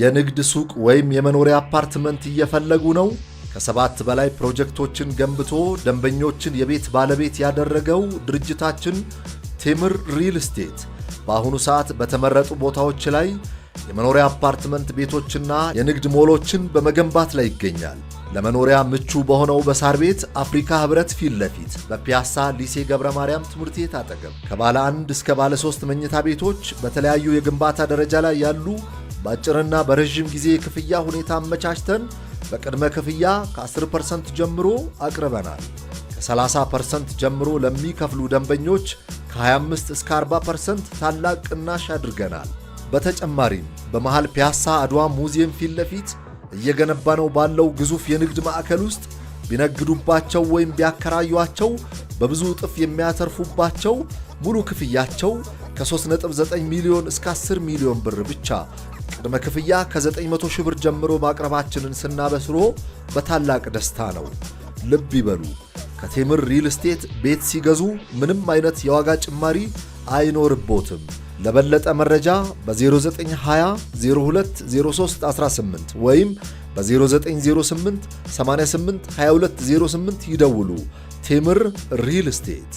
የንግድ ሱቅ ወይም የመኖሪያ አፓርትመንት እየፈለጉ ነው? ከሰባት በላይ ፕሮጀክቶችን ገንብቶ ደንበኞችን የቤት ባለቤት ያደረገው ድርጅታችን ቴምር ሪል ስቴት በአሁኑ ሰዓት በተመረጡ ቦታዎች ላይ የመኖሪያ አፓርትመንት ቤቶችና የንግድ ሞሎችን በመገንባት ላይ ይገኛል። ለመኖሪያ ምቹ በሆነው በሳር ቤት አፍሪካ ህብረት ፊት ለፊት በፒያሳ ሊሴ ገብረ ማርያም ትምህርት ቤት አጠገብ ከባለ አንድ እስከ ባለ ሶስት መኝታ ቤቶች በተለያዩ የግንባታ ደረጃ ላይ ያሉ በአጭርና በረዥም ጊዜ ክፍያ ሁኔታ አመቻችተን በቅድመ ክፍያ ከ10% ጀምሮ አቅርበናል። ከ30% ጀምሮ ለሚከፍሉ ደንበኞች ከ25 እስከ 40% ታላቅ ቅናሽ አድርገናል። በተጨማሪም በመሃል ፒያሳ አድዋ ሙዚየም ፊት ለፊት እየገነባ ነው ባለው ግዙፍ የንግድ ማዕከል ውስጥ ቢነግዱባቸው ወይም ቢያከራዩቸው በብዙ እጥፍ የሚያተርፉባቸው ሙሉ ክፍያቸው ከ3.9 ሚሊዮን እስከ 10 ሚሊዮን ብር ብቻ ቅድመ ክፍያ ከ900 ሺህ ብር ጀምሮ ማቅረባችንን ስናበስሮ በታላቅ ደስታ ነው። ልብ ይበሉ፣ ከቴምር ሪል ስቴት ቤት ሲገዙ ምንም አይነት የዋጋ ጭማሪ አይኖርቦትም። ለበለጠ መረጃ በ0920020318 ወይም በ0908 ይደውሉ። ቴምር ሪል ስቴት